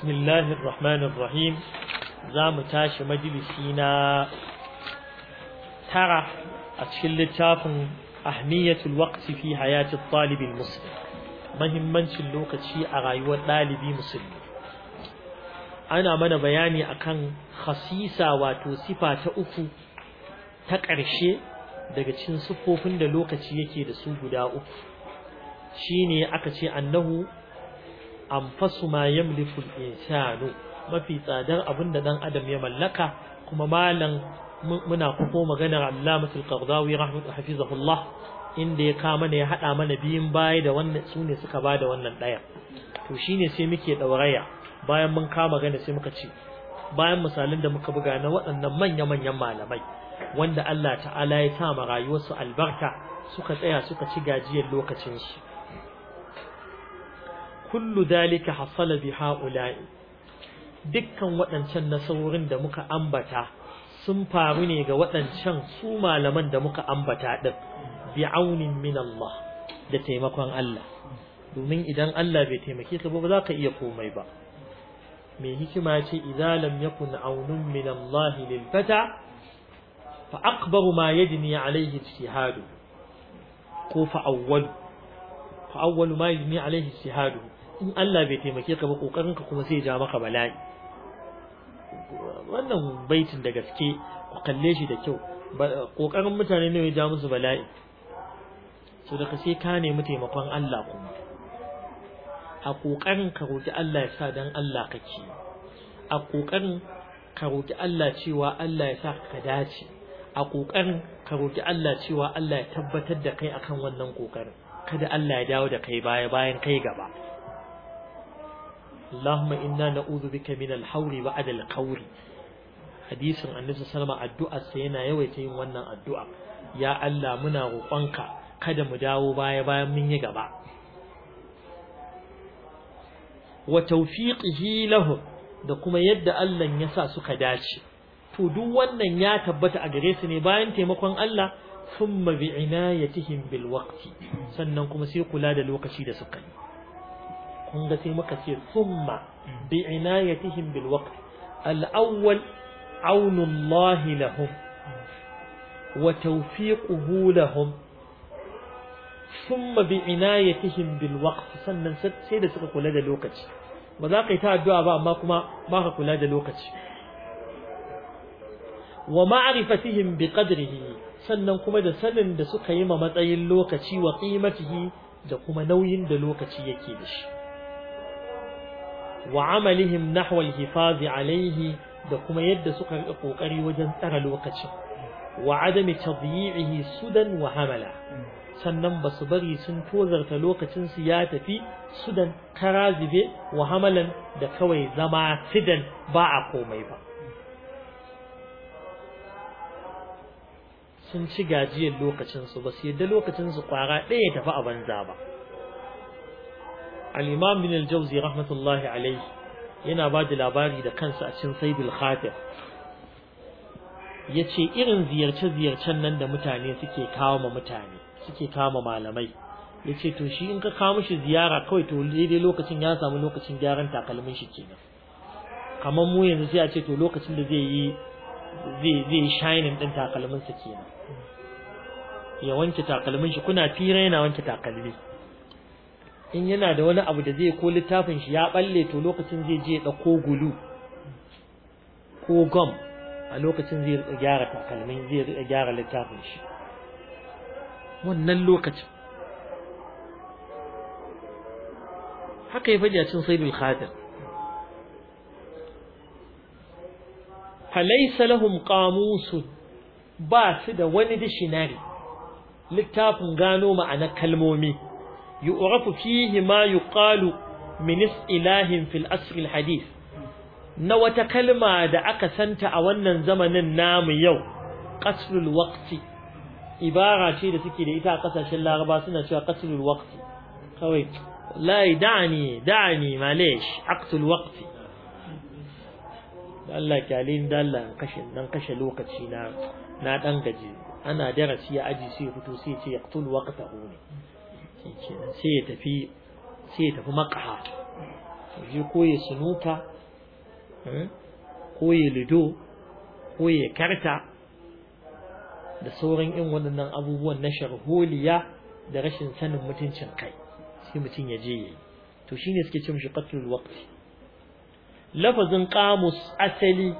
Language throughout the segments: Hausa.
بسم الله الرحمن الرحيم زام تاش مجلسينا ترى أتشل تافن أهمية الوقت في حياة الطالب المسلم مهمان شلوك شيء أغايوة طالبي مسلم أنا من بياني أكن خصيصة وتوصفة أكو تكرشي daga cikin siffofin da lokaci yake da su guda uku shine aka ce annahu anfasu ma yamliku al-insanu mafi tsadar abin da dan adam ya mallaka kuma malam muna kuma maganar Allamatul Qardawi rahmatullahi hafizahullah inda ya kama ne ya hada mana biyun baya da wannan sune suka bada wannan daya to shine sai muke dauraya bayan mun kama magana sai muka ce bayan misalin da muka buga na waɗannan manyan manyan malamai wanda Allah ta'ala ya sa ma rayuwarsu albarka suka tsaya suka ci gajiyar lokacin shi kullu dalika hasala bi haula'i dukkan waɗancan nasarorin da muka ambata sun faru ne ga waɗancan su malaman da muka ambata din bi aunin min Allah da taimakon Allah domin idan Allah bai taimake ka ba za ka iya komai ba mai hikima ce idza lam yakun aunun min Allah lil fata fa akbaru ma yajni alayhi ijtihadu ko fa awwal fa awwal ma yajni alayhi ijtihadu in Allah bai taimake ka ba kokarin ka kuma sai ya ja maka bala'i wannan baitin da gaske ku kalle shi da kyau kokarin mutane ne ya ja musu bala'i so da ka sai ka nemi taimakon Allah kuma a kokarin ka roki Allah ya sa dan Allah kake a kokarin ka roki Allah cewa Allah ya sa ka dace a kokarin ka roki Allah cewa Allah ya tabbatar da kai akan wannan kokarin kada Allah ya dawo da kai baya bayan kai gaba اللهم إنا نعوذ بك من الحول بعد القول حديث عن النبي صلى الله addu'a sai yana yawaita yin wannan addu'a. Ya Allah muna roƙonka kada mu dawo baya bayan mun yi gaba wa tawfiqihi lahu da kuma yadda Allah ya sa suka dace to duk wannan ya tabbata a gare su ne bayan taimakon Allah thumma bi inayatihim bil waqti sannan kuma sai kula da lokaci da suka yi kun ga sai muka ce summa mm. bi inayatihim bil waqt al awwal aunullahi lahum mm. wa tawfiquhu lahum summa bi inayatihim bil waqt sannan sai da suka kula da lokaci ba za ka yi ta addu'a ba amma kuma ba ka kula da lokaci wa ma'rifatihim bi qadrihi sannan kuma da sanin da suka yi ma matsayin lokaci wa qimatihi da kuma nauyin da lokaci yake da shi wa amalihim nahwa al-hifazi alayhi da kuma yadda suka rika ƙoƙari wajen tsara lokacin wa adami tadyi'ihi sudan wa hamala sannan ba su bari sun tozarta lokacin su ya tafi sudan karazibe wa hamalan da kawai zama sidan ba a komai ba sun ci gajiyar lokacin su ba su yadda lokacin su kwara ɗaya tafi a banza ba alimam imam bin al-jawzi rahmatullahi alayhi yana ba da labari da kansa a cikin saidul Ya yace irin ziyarce-ziyarcen nan da mutane suke kawo ma mutane suke kawo ma malamai yace to shi in ka kawo mishi ziyara kawai to daidai lokacin ya samu lokacin gyaran takalmin shi kenan kamar mu yanzu sai a ce to lokacin da zai yi zai shining din takalmin sa kenan ya wanke takalmin shi kuna fira yana wanke takalmi in yana da wani abu da zai ko littafin shi ya balle to lokacin zai je da ko gulu ko gom a lokacin zai gyara takalmin zai gyara littafin shi wannan lokacin haka ya faɗi a cin saidul khadir falaysa lahum qamusun ba su da wani dishinari littafin gano ma'anar kalmomi yu'rafu fihi ma yuqalu min ilahin fil asr al na wata kalma da aka santa a wannan zamanin namu yau qatlul waqti ibara ce da suke da ita a kasashen laraba suna cewa qatlul waqti kawai wallahi da'ani da'ani malesh aqtul waqti Allah kyalin dalla kashin dan kashe lokaci na na dan gaji ana darasi a aji sai fito sai ce yaqtul sai ya tafi sai makaha je ko ya sunuka eh, ko ya lido ko karta da sauran in waɗannan abubuwan na sharholiya da rashin sanin mutuncin kai sai mutum ya je yayi to shine suke ce shi qatlul waqti lafazin qamus asali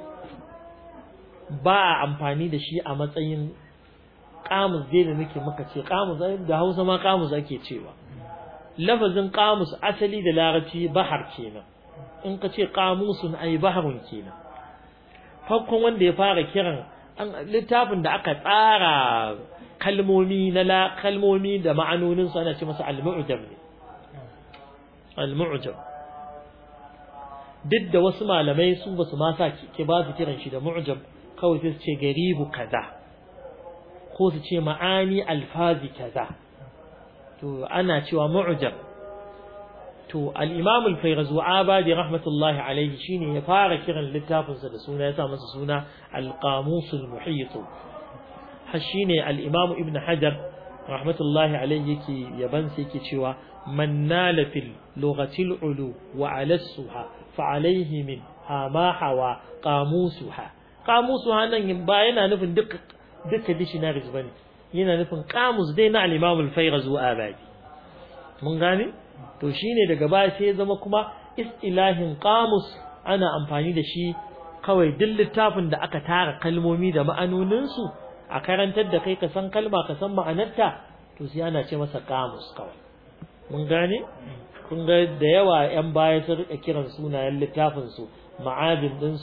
ba a amfani da shi a matsayin kamus dai da nake maka ce kamus da Hausa ma kamus ake cewa lafazin kamus asali da larabci bahar kenan in ka ce kamusun ai baharun kenan farkon wanda ya fara kiran littafin da aka tsara kalmomi na la kalmomi da ma'anonin su ana ce masa al-mu'jam ne al-mu'jam duk da wasu malamai su basu ma sa ke ba su kiran shi da mu'jam kawai sai su ce garibu kaza ko su ce ma'ani alfazi kaza to ana cewa mu'jam to al-imam al-fayrazu abadi rahmatullahi alayhi shine ya fara kiran littafin sa da suna ya sa masa suna al-qamus al-muhit shine al-imam ibn hajar rahmatullahi alayhi yake yaban sai yake cewa man nala fil lughati al-ulu wa ala suha fa alayhi min hama hawa qamusuha qamusuha nan ba yana nufin duk duka dictionaries ba ne yana nufin kamus dai na al'imamul fairaz wa abadi mun gane to shine daga baya sai ya zama kuma istilahin kamus ana amfani da shi kawai duk littafin da aka tara kalmomi da ma'anoninsu a karantar da kai ka san kalma ka san ma'anarta to sai ana ce masa kamus kawai mun gane kun ga da yawa yan baya sun rika kiran sunayen littafinsu su ma'adin din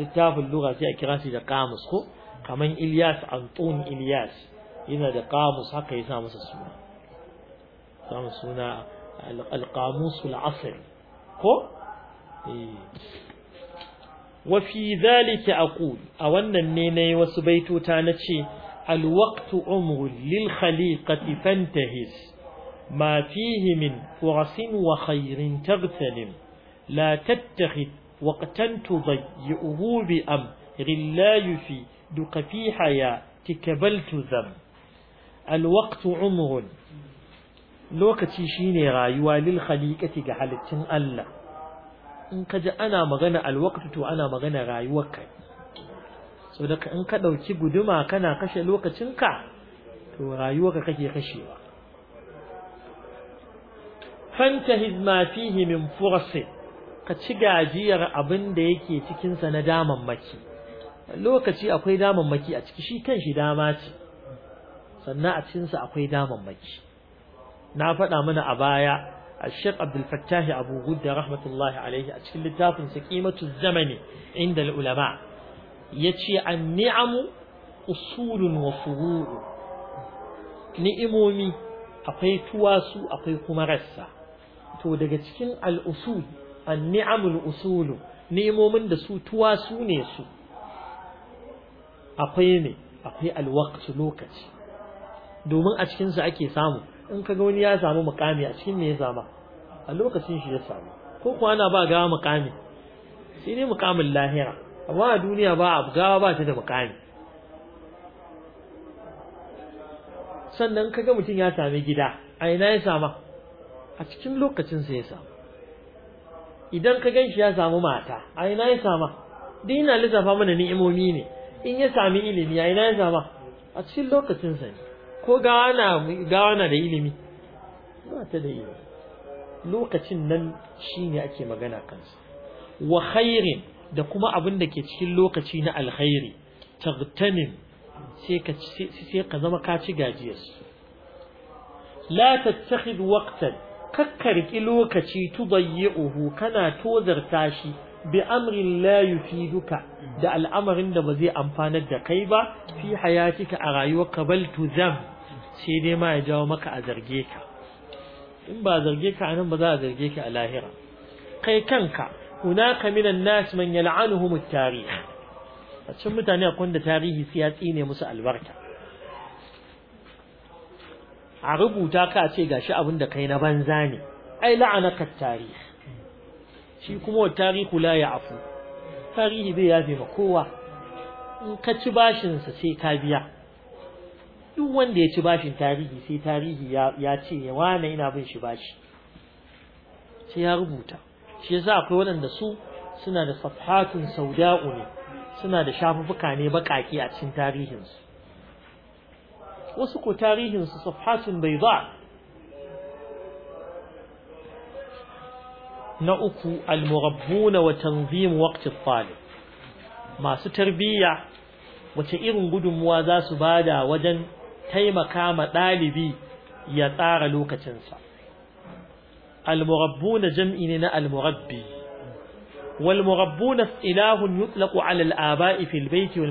littafin lura sai a kira shi da kamus ko kamar Ilyas Antun Ilyas yana da kamus haka ya sa masa suna samu suna alƙamusul ko? Eh. wafi zalike a a wannan ne na wasu baitota na ce alwaktu umru lil khaliqati fantahis ma fihi min qasin wa khairin tagtalim la tattakhid waqtan tudayyuhu bi am ghillayu fi دق في حياة lokaci shine rayuwa lil khaliqati ga halittun Allah in ka ji ana magana alwaqtu to ana magana rayuwar kai so da in ka ɗauki guduma kana kashe lokacinka to rayuwarka kake kashewa fantahiz ma fihi min fursi ka ci gajiyar abin da yake cikinsa na daman damammaki lokaci akwai damammaki a ciki shi kan shi dama ce sannan a cikinsa akwai damammaki na faɗa mana a baya الشيخ rahmatullahi الفتاح a غدة رحمة الله a أشكل التافن سقيمة Ya ce العلماء يتشي usulun أصول وفروع ni'imomi akwai tuwasu akwai kuma rassa to daga cikin al'usul an ni'amul usulu ni'imomin da su tuwasu ne su akwai ne akwai alwaqt lokaci domin a cikin sa ake samu in kaga wani ya samu mukami a cikin me ya zama a lokacin shi ya samu ko kuwa ana ba gawa mukami shi ne mukamin lahira amma a duniya ba a gawa ba ta da mukami sannan kaga mutum ya sami gida a ina ya sama a cikin lokacin sa ya samu idan ka ganshi ya samu mata a ina ya sama dina lissafa mana ni'imomi ne in ya sami ilimi a ina ya zama a cikin lokacin sa ko gawa na da ilimi ba ta da ilimi lokacin nan shine ake magana kansa wa khairin da kuma abin da ke cikin lokaci na alkhairi tagtanim sai ka sai ka zama ka ci gajiyar. la tattakhid waqtan kakkarki lokaci uhu kana tozarta shi bi amrin la yufiduka da al'amarin da ba zai amfanar da kai ba fi hayatika a rayuwarka bal tuzam sai dai ma ya jawo maka a zarge ka in ba zarge ka anan ba za a zarge ka a lahira kai kanka hunaka minan nas man yal'anuhum at-tarikh a cikin mutane akwai da tarihi sai ya tsine musu albarka a rubuta ka ce gashi abin da kai na banza ne ai la'anaka at-tarikh shi kuma wa tarihu la afu. tarihi bai yafe ma kowa in ka ci bashin sai ka biya duk wanda ya ci bashin tarihi sai tarihi ya ce ya wane ina bin shi bashi sai ya rubuta shi yasa akwai waɗanda su suna da safhatun sauda'u ne suna da shafuffuka ne baƙaƙe a cikin tarihinsu wasu ko tarihinsu safhatun bai ba na uku al-murabbuna wa tanzim waqti talib masu tarbiyya wace irin gudunmuwa za su bada wajen taimaka ma ɗalibi ya tsara lokacinsa Almurabbuna jam'i ne na almurabbi murabbi wal murabbuna ilahun yutlaqu ala al-aba'i fil bayti wal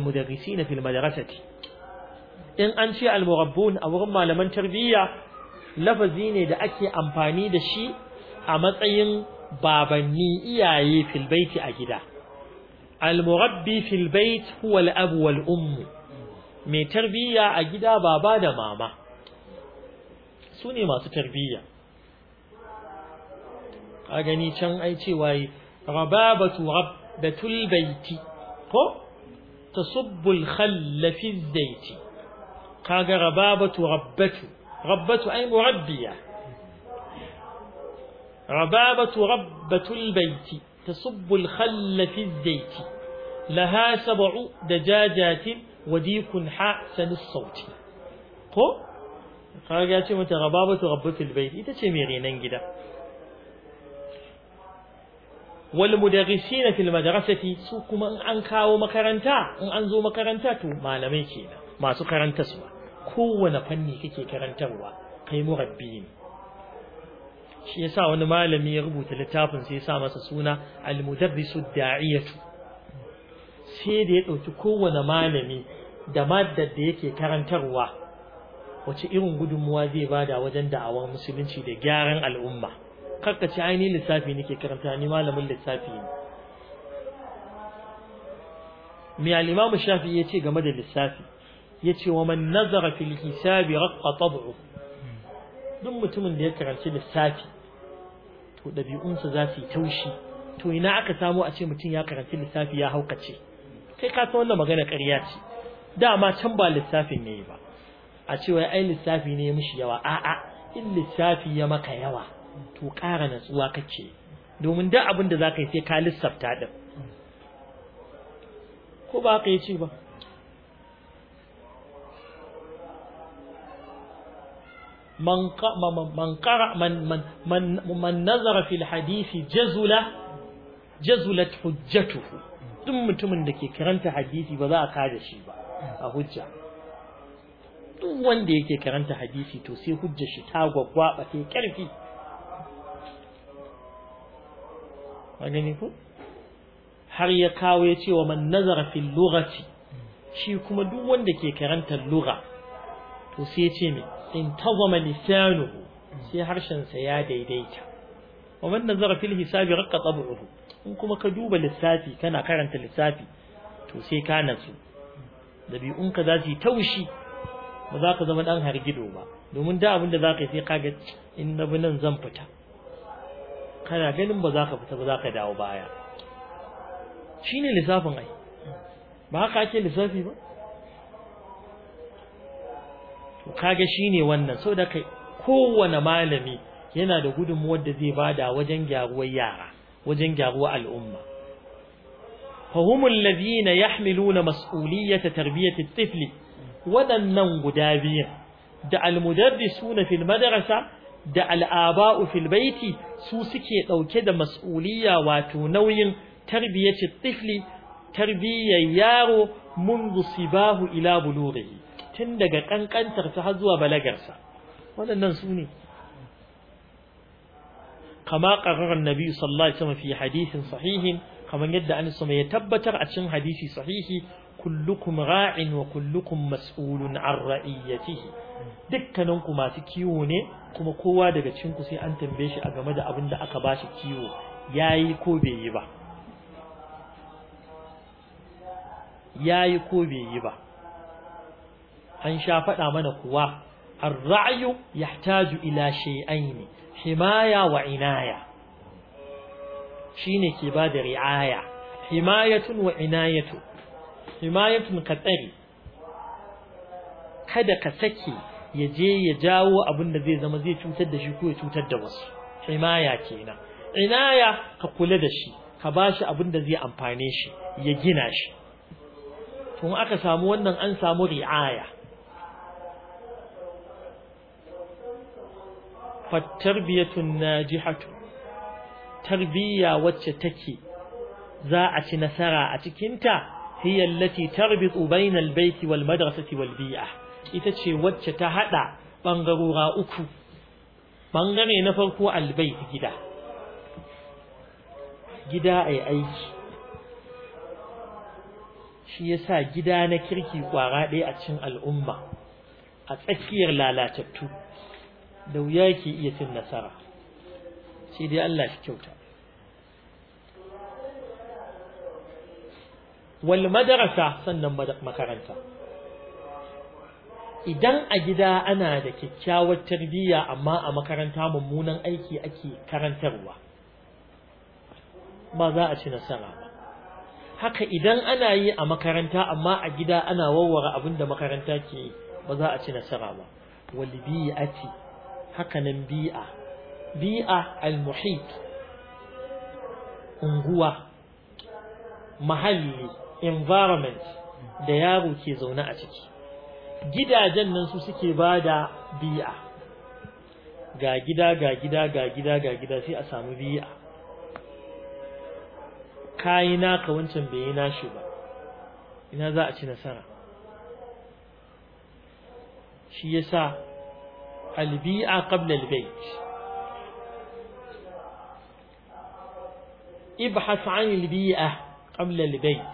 in an ce almurabbun a wurin malaman tarbiyya lafazi ne da ake amfani da shi a matsayin babanni iyaye fil baiti a gida al-murabbi fil bait huwa al-ab wal umm mai tarbiyya a gida baba da mama su ne masu tarbiyya a gani can ai cewa yi rababatu rabbatul baiti ko tasubbul khalla fi zaiti kaga rababatu rabbatu rabbatu ai murabbiya ربابة ربة البيت تصب الخل في الزيت لها سبع دجاجات وديك حاسن الصوت قو خرجاتي متى ر ب البيت إ ذ ا والمدرسين في المدرسة ل م د ر س انزو م ك ر ن ت ما لميكينا ما سكرانتا سوى كو ونفني كي كرانتا و ق ي shi yasa wani malami ya rubuta littafin sai ya sa masa suna al-mudarrisu da'iyatu sai da ya dauki kowane malami da maddar da yake karantarwa wace irin gudunmuwa zai bada wajen da'awar musulunci da gyaran al'umma karka ci ainihin lissafi nake karanta ni malamin lissafi ne mai al'imamu shafi ya ce game da lissafi ya ce wa man nazara fil hisabi raqqa tab'u duk mutumin da ya karanci lissafi to ɗabi'unsa za su yi taushi to ina aka samu a ce mutum ya karanci lissafi ya haukace kai ka san wannan magana ƙarya ce dama can ba lissafin ne ba a ce wai ai lissafi ne ya mishi yawa a'a in lissafi ya maka yawa to ƙara natsuwa kake domin duk abin da ka yi sai ka lissafta din ko ba ka yi ci ba man man qara man man man nazara fil hadisi jazula jazulat hujjatuhu duk mutumin da ke karanta hadisi ba za a kada shi ba a hujja duk wanda yake karanta hadisi to sai hujja shi ta ba sai karfi wani ko har ya kawo ya ce wa man nazara fil lughati shi kuma duk wanda ke karanta lugha to sai ya ce me intazama lisanuhu sai harshen sa ya daidaita wa man nazara fil hisabi raqqa tab'uhu in kuma ka duba lissafi kana karanta lissafi to sai ka natsu dabi'unka za su yi taushi ba za ka zama dan hargido ba domin da abin da za ka yi sai ka ga in na bi nan zan fita kana ganin ba za ka fita ba za ka dawo baya shine lissafin ai ba haka ake lissafi ba kaga shine wannan so da kai kowane malami yana da gudunmuwar da zai bada wajen gyaruwar yara wajen gyaruwar al'umma fahumul ladina yahmiluna mas'uliyata tarbiyati at-tifli wadannan guda biyan da al-mudarrisuna fil madrasa da al'aba'u filbaiti fil baiti su suke dauke da mas'uliyya wato nauyin tarbiyati at-tifli tarbiyyar yaro منذ صباه إلى بلوغه tun daga ƙanƙantar ta har zuwa balagarsa waɗannan su ne kama qarar annabi sallallahu alaihi wasallam fi hadithin sahihin kamar yadda an sama ya tabbatar a cikin hadisi sahihi kullukum ra'in wa kullukum mas'ulun an ra'iyatihi dukkanin ku masu kiwo ne kuma kowa daga cikin ku sai an tambaye shi a game da abin da aka ba shi kiwo yayi ko bai yi ba yayi ko bai yi ba an sha faɗa mana kuwa ar-ra'yu yahtaju ila shay'ain himaya wa inaya shine ke bada da ri'aya himayatun wa inayatu himayatun ka tsare kada ka sake ya je ya jawo abin da zai zama zai cutar da shi ko ya cutar da wasu himaya kenan inaya ka kula da shi ka ba shi abin da zai amfane shi ya gina shi tun aka samu wannan an samu ri'aya fattarbiyatun najihatu tarbiyya wacce take za a ci nasara a cikinta hiya allati tarbitu bainal baiti wal madrasati wal bi'a ita ce wacce ta hada bangarora uku bangare na farko albayt gida gida ai aiki shi yasa gida na kirki kwara ɗaya a cikin al'umma a tsakiyar lalatattu da wuya yake iya cin nasara sai dai Allah shi kyauta wal madarasa sannan makaranta idan a gida ana da kyakkyawar tarbiyya amma a makaranta mummunan aiki ake karantarwa ba za a ci nasara ba haka idan ana yi a makaranta amma a gida ana warware abinda makaranta ke ba za a ci nasara ba walbi'ati hakanan bi'a bi'a al-muhit unguwa mahalli environment da yaro ke zaune a ciki gidajen nan su suke bada bi'a ga gida ga gida ga gida ga gida sai a samu bi'a kayi naka wancan bai yi nashi ba ina za a ci nasara shi yasa albi'a qabla albayt ibhas an albi'a qabla albayt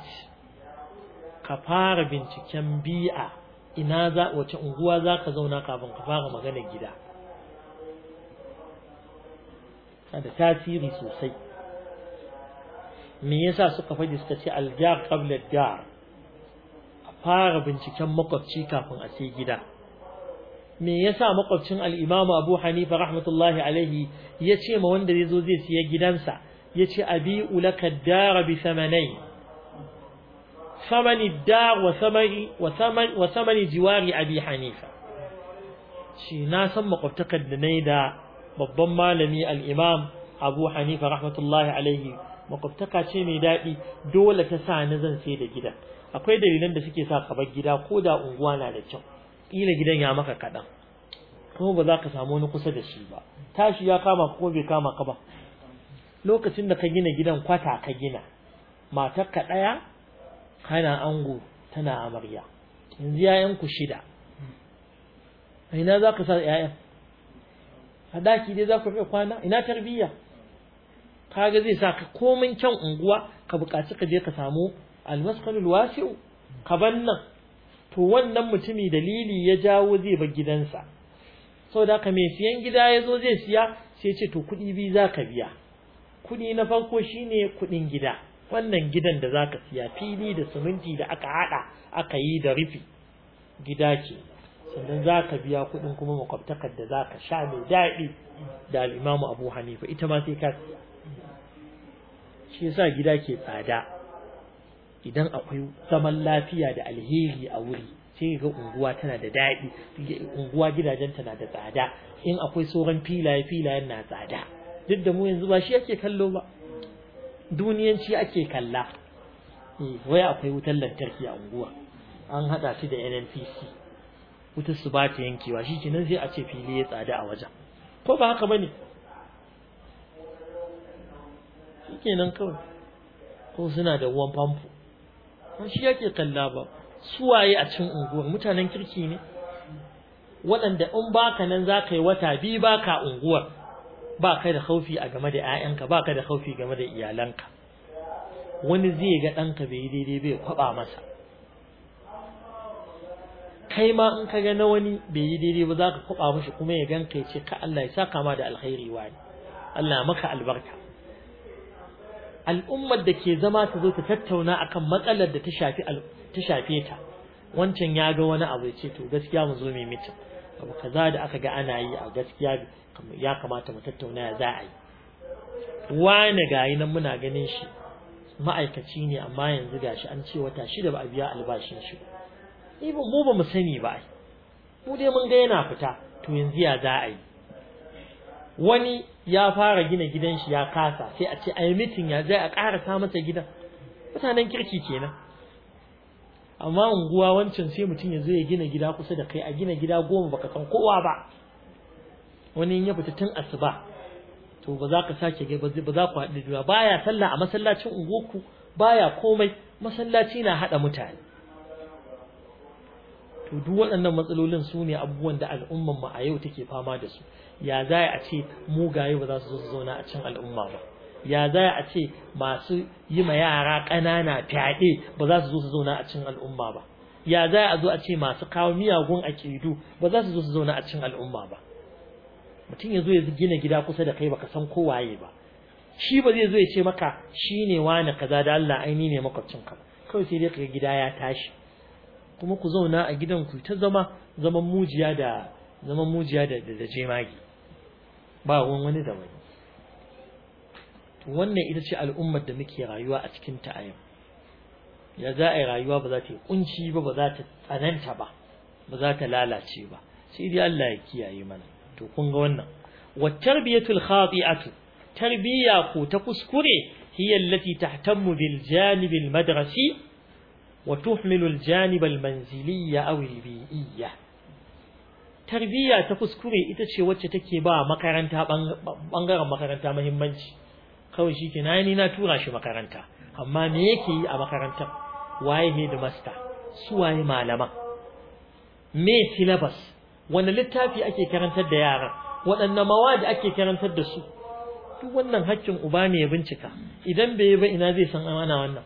ka fara binciken bi'a ina za wace unguwa zaka zauna kafin ka fara magana gida da tasiri sosai me yasa suka faɗi suka ce aljar qabla dar a fara binciken makwabci kafin a sai gida me yasa makwabcin al-Imam Abu Hanifa rahmatullahi alaihi yace ma wanda zai zo zai siya gidansa yace abi ulaka dara bi thamanai thamani dar wa thamani wa thamani wa thamani jiwari abi Hanifa shi na san makwabtakar da nayi da babban malami al-Imam Abu Hanifa rahmatullahi alaihi makwabtaka ce mai daɗi dole ta sa ni zan sai da gida akwai dalilan da suke sa ka bar gida ko da unguwa na da kyau kila gidan ya maka kaɗan kuma ba za ka samu wani kusa da shi ba tashi ya kama ko bai kama ka ba lokacin da ka gina gidan kwata ka gina matar ka ɗaya kana ango tana amarya yanzu yayan ku shida ina za ka sa yayan a daki dai za ku rufe kwana ina tarbiyya kaga zai sa ka komai kyan unguwa ka buƙaci ka je ka samu almaskalul wasi'u ka ban nan to wannan mutumi dalili ya jawo zai bar gidansa saboda haka mai siyan gida ya zo zai siya sai ce to kuɗi biyu za ka biya kuɗi na farko shine kuɗin gida wannan gidan da za ka siya fili da siminti da aka haɗa aka yi da rufi gida ce sannan za ka biya kuɗin kuma makwabtakar da za ka sha mai daɗi da al'imamu abu hanifa ita ma sai ka siya shi yasa gida ke tsada idan akwai zaman lafiya da alheri a wuri sai ga unguwa tana da daɗi unguwa gidajen tana da tsada in akwai sauran filaye filayen na tsada duk da mu yanzu ba shi ake kallo ba duniyanci ake kalla eh, wai akwai wutar lantarki a unguwa an haɗa shi da nnpc wutar su ba ta yankewa shi kenan sai a ce fili ya tsada a wajen ko ba haka ba ne shi kenan kawai ko suna da ruwan famfo shi yake kalla ba su waye a cikin unguwar mutanen kirki ne waɗanda in baka nan zaka yi wata biyu baka unguwar ba ka da haufi a game da 'ya'yanka ba ka da haufi game da iyalanka wani zai ga ɗanka bai yi daidai bai kwaɓa masa kai ma in ka ga na wani bai yi daidai ba za ka kwaɓa mashi kuma ya ganka ya ce ka Allah ya saka kama da alkhairi wani Allah maka albarka al'ummar da ke zama ta zo ta tattauna akan matsalar da ta shafe ta wancan ya ga wani abu ce to gaskiya mu zo mai mita abu kaza da aka ga ana yi a gaskiya ya kamata mu tattauna ya za a yi wane gayi nan muna ganin shi ma'aikaci ne amma yanzu gashi an ce wata shida ba a biya albashin shi ba mu ba mu sani ba mu dai mun ga yana fita to yanzu ya za a yi wani ya fara gina gidan shi ya kasa sai a ce a yi mitin ya zai a karasa masa gidan mutanen kirki kenan amma unguwa wancan sai mutum ya zo ya gina gida kusa da kai a gina gida goma baka san kowa ba wani ya fita tun asuba to ba za ka sake ga ba za ku haɗu Ba baya sallah a masallacin unguwarku baya komai masallaci na haɗa mutane to duk waɗannan matsalolin su ne abubuwan da al'ummar mu a yau take fama da su ya za a ce mugaye ba za su zo su zauna a cin al'umma ba ya za a ce masu yi ma yara ƙanana fyaɗe ba za su zo su zauna a cin al'umma ba ya za a zo a ce masu kawo miyagun akidu ba za su zo su zauna a cin al'umma ba mutum ya zo ya gina gida kusa da kai baka san kowaye ba shi ba zai zo ya ce maka shi ne wani kaza da Allah aini ne ka kawai sai dai kaga gida ya tashi kuma ku zauna a gidan ku ta zama zaman mujiya da zaman mujiya da da jemagi ba wani zamani. wani wannan ita ce al'ummar da muke rayuwa a cikin ta a yau ya za a yi rayuwa ba za ta yi kunci ba ba za ta tsananta ba ba za ta lalace ba sai dai Allah ya kiyaye mana to kun ga wannan wa tarbiyatul khati'atu tarbiya ko ta kuskure hiya allati tahtammu bil janib al madrasi wa tuhmilu al janib al manziliyya aw al bi'iyya tarbiyya ta kuskure ita ce wacce take ba makaranta bangaren makaranta muhimmanci kawai shi ke ni na tura shi makaranta amma me yake yi a makarantar waye headmaster su waye malama me syllabus wani littafi ake karantar da yaran waɗanne mawadi ake karantar da su duk wannan haƙƙin uba ne ya bincika idan bai yi ba ina zai san amana wannan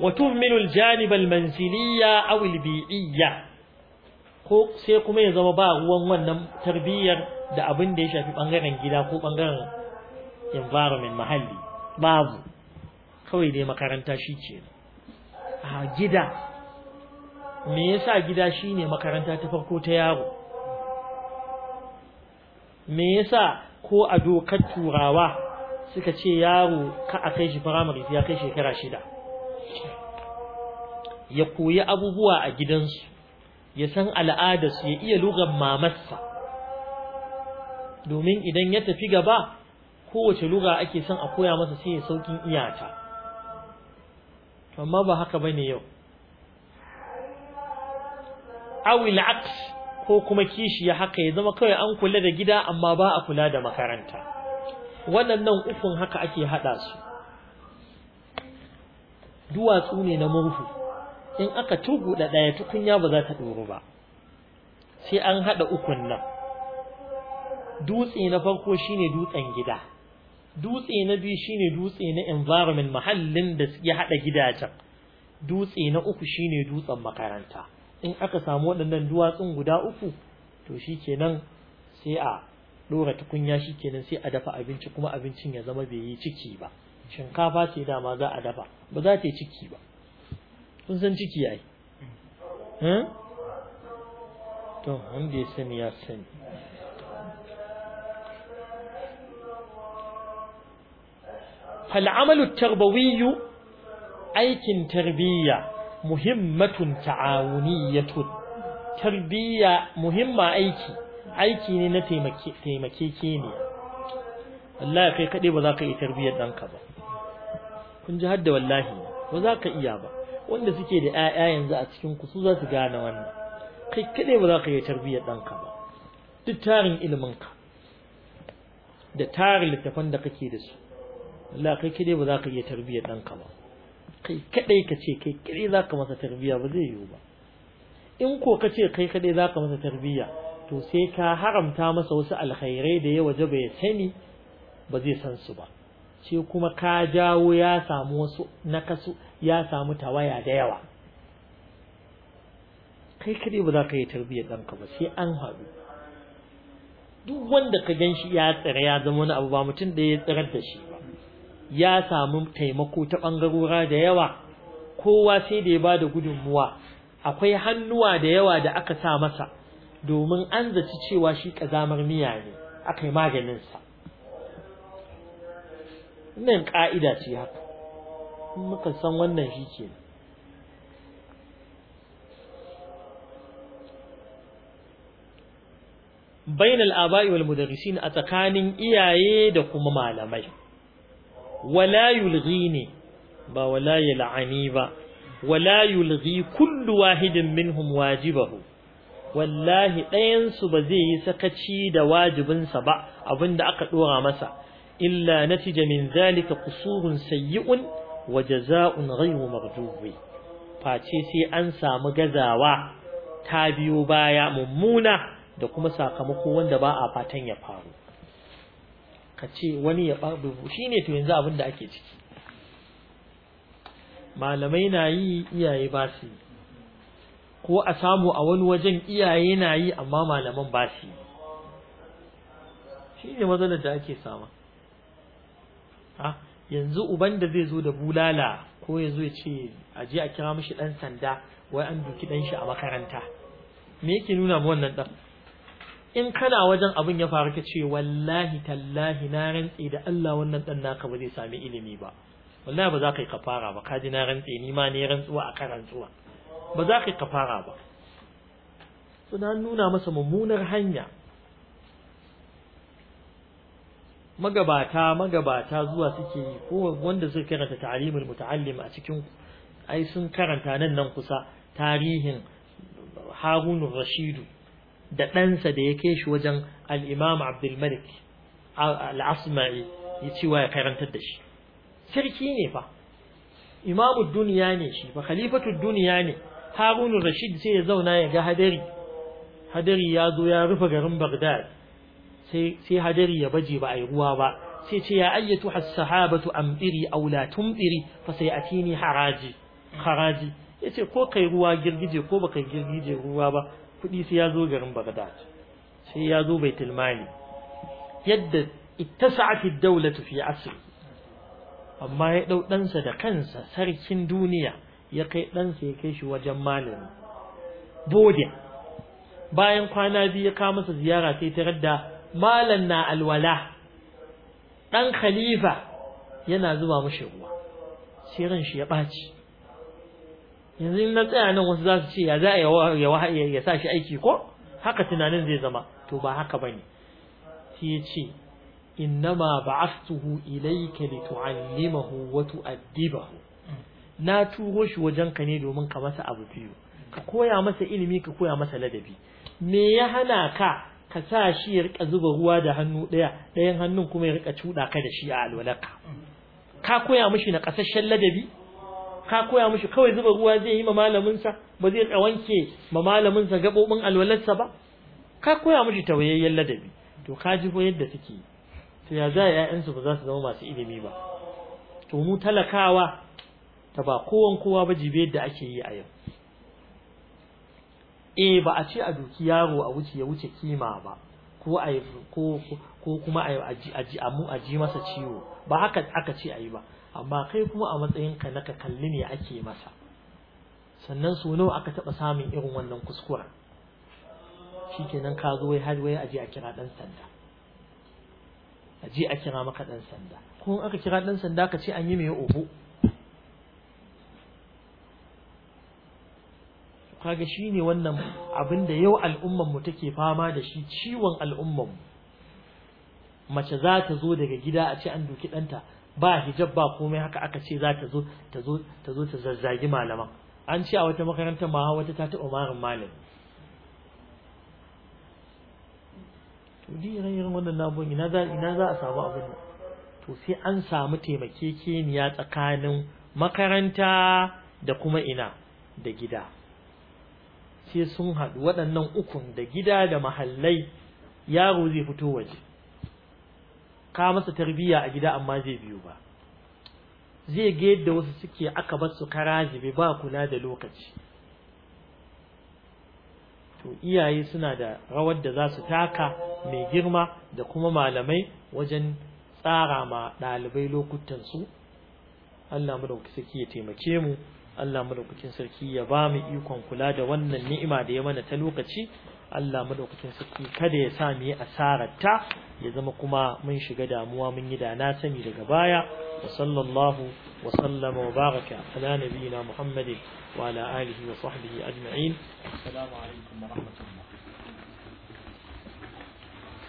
وتهمل الجانب المنزلي أو البيئي ko sai kuma ya zama ba ruwan wannan tarbiyyar da abin da ya shafi bangaren gida ko bangaren environment mahalli babu kawai dai makaranta shi ce a gida me yasa gida shine makaranta ta farko ta yaro me yasa ko a dokar turawa suka ce yaro ka a kai shi firamare ya kai shekara shida ya koyi abubuwa a gidansu ya san al'adarsu ya iya lugar mamarsa domin idan ya tafi gaba kowace lugar ake son a koya masa sai ya saukin iyata amma ba haka ba ne yau awil aks ko kuma kishi ya haka ya zama kawai an kula da gida amma ba a kula da makaranta waɗannan ukun haka ake haɗa su duwatsu ne na murhu in aka da ɗaya tukunya ba za ta ɗoru ba sai an haɗa ukun nan dutse na farko shine dutsen gida dutse na biyu shine dutse na environment mahallin da ya haɗa gidajen dutse na uku shine dutsen makaranta in aka samu waɗannan duwatsun guda uku to shikenan sai a ɗora tukunya shikenan sai a dafa abinci kuma abincin ya zama bai yi ciki ba shinkafa ce dama za a dafa ba za ta yi ciki ba kun san ciki yi. Hmm? to wanda ya sani ya sani فالعمل التربوي aikin tarbiyya muhimmatun ta'awuniyyatun tarbiyya muhimma aiki aiki ne na ne. wallahi kai kaɗai ba za ka yi tarbiyyar ɗanka ba kun ji da wallahi ba za ka iya ba wanda suke da ƴaƴa yanzu a cikin ku su za su gane wannan kai kadai ba za ka yi tarbiyyar ɗanka ba duk tarin ilimin ka da tarin littafan da kake da su Allah kai kadai ba za ka yi tarbiyyar ɗanka ba kai kadai ka ce kai kadai za ka masa tarbiyya ba zai yiwu ba in ko ka ce kai kadai za ka masa tarbiyya to sai ka haramta masa wasu alkhairai da ya waje bai sani ba zai san su ba sai kuma ka jawo ya samu wasu kasu ya samu tawaya da yawa kai kadai ba za ka yi tarbiyyar ɗanka ba sai an haɗu duk wanda ka gan shi ya tsira ya zama wani abu ba mutum da ya tsirar da shi ba ya samu taimako ta ɓangarora da yawa kowa sai da ya ba da gudunmuwa akwai hannuwa da yawa da aka sa masa domin an zaci cewa shi ƙazamar miya ne aka yi maganinsa nan ƙa'ida ce haka muka san wannan shi ke bain al'aba'i wal mudarrisin a tsakanin iyaye da kuma malamai wala ne, ba wala la'ani ba wala yulghi kullu wahidin minhum wajibahu wallahi ɗayan su ba zai yi sakaci da wajibinsa ba abinda aka ɗora masa illa natija min zalika qusurun sayyi'un wa jaza'un ghayru maghdubi face sai an samu gazawa ta biyo baya mummuna da kuma sakamako wanda ba a fatan ya faru ka ce wani ya shi ne to yanzu abin da ake ciki malamai na yi iyaye ba su yi ko a samu a wani wajen iyaye na yi amma malaman ba su yi shi ne matsalar da ake sama ah, yanzu uban da zai zo da bulala ko ya zo ya ce a je a kira mishi dan sanda wai an duki dan shi a makaranta me yake nuna mu wannan dan in kana wajen abin ya faru ka ce wallahi tallahi na rantse da Allah wannan dan naka ba zai sami ilimi ba wallahi ba za ka yi kafara ba ka ji na rantse ni ma ne rantsuwa a karantsuwa ba za ka yi kafara ba suna nuna masa mummunar hanya magabata magabata zuwa suke ko wanda suka karanta ta'limul muta'allim a cikin ai sun karanta nan nan kusa tarihin Harun Rashidu da ɗansa da ya kai shi wajen al-Imam Abdul Malik al-Asma'i ya ce wa ya karantar da shi sarki ne fa imamu duniya ne shi fa khalifatu duniya ne Harun Rashid sai ya zauna ya ga hadari hadari ya zo ya rufe garin Baghdad sai sai hadari ya baje ba yi ruwa ba sai ce ya ayyatu as-sahabatu amiri aw la tumiri a sayatini haraji haraji ce ko kai ruwa girgije ko kai girgije ruwa ba kuɗi sai ya zo garin Baghdad sai ya zo Baitul yadda ita ad-dawlatu fi asr amma ya ɗau ɗansa da kansa sarkin duniya ya kai ɗansa ya kai shi wajen malami bodin bayan kwana biyu ya kawo masa ziyara sai ta radda malan na alwala ɗan khalifa yana zuba mashi ruwa sai ran shi ya ɓaci yanzu na tsaya nan wasu za su ce ya za a ya sa shi aiki ko haka tunanin zai zama to ba haka ba ne sai ya ce innama ba'astuhu ilayka litu'allimahu wa tu'addibahu na turo shi wajen ka ne domin ka masa abu biyu ka koya masa ilimi ka koya masa ladabi me ya hana ka ka sa shi ya rika zuba ruwa da hannu ɗaya ɗayan hannun kuma ya rika cuɗa ka da shi a alwalarka ka koya mishi na ƙasashen ladabi ka koya mishi kawai zuba ruwa zai yi ma malaminsa ba zai rika wanke ma malaminsa gaɓoɓin alwalarsa ba ka koya mishi tawayayyen ladabi to ka ji ko yadda suke to ya za ya'yansu ba za su zama masu ilimi ba to mu talakawa ta ba kowan kowa ba jibe yadda ake yi a yau eh ba a ce a doki yaro a wuce ya wuce kima ba ko a ko ko kuma a ji amu a masa ciwo ba haka aka ce a yi ba amma kai kuma a matsayin ka na ka kalli ne ake masa sannan so nawa aka taba samun irin wannan kuskura shikenan ka zo wai har wai a a kira dan sanda a kira maka dan sanda ko aka kira dan sanda ka ce an yi mai obo kaga shine wannan abin da yau al'ummanmu mu take fama da shi ciwon al'ummanmu mu mace za ta zo daga gida a ce an doki ɗanta ba hijab ba komai haka aka ce za ta zo ta zo ta zo ta zazzagi malaman an ce a wata makaranta ma wata ta taɓa marin malami to di irin wannan nabon ina za ina za a samu abin to sai an samu taimakekeniya tsakanin makaranta da kuma ina da gida sai sun haɗu waɗannan ukun da gida da mahallai yaro zai fito waje ka masa tarbiyya a gida amma zai biyu ba zai ga yadda wasu suke aka bar su karazibe ba kula da lokaci to iyaye suna da rawar da za su taka mai girma da kuma malamai wajen tsara ma ɗalibai lokutansu Allah mu da ya taimake mu Allah madaukakin sarki ya ba mu ikon kula da wannan ni'ima da ya mana ta lokaci Allah madaukakin sarki kada ya sa mu yi asararta ya zama kuma mun shiga damuwa mun yi da na sani daga baya wa sallallahu wa sallama wa baraka ala nabiyina Muhammadin wa ala alihi wa sahbihi ajma'in assalamu alaikum wa rahmatullah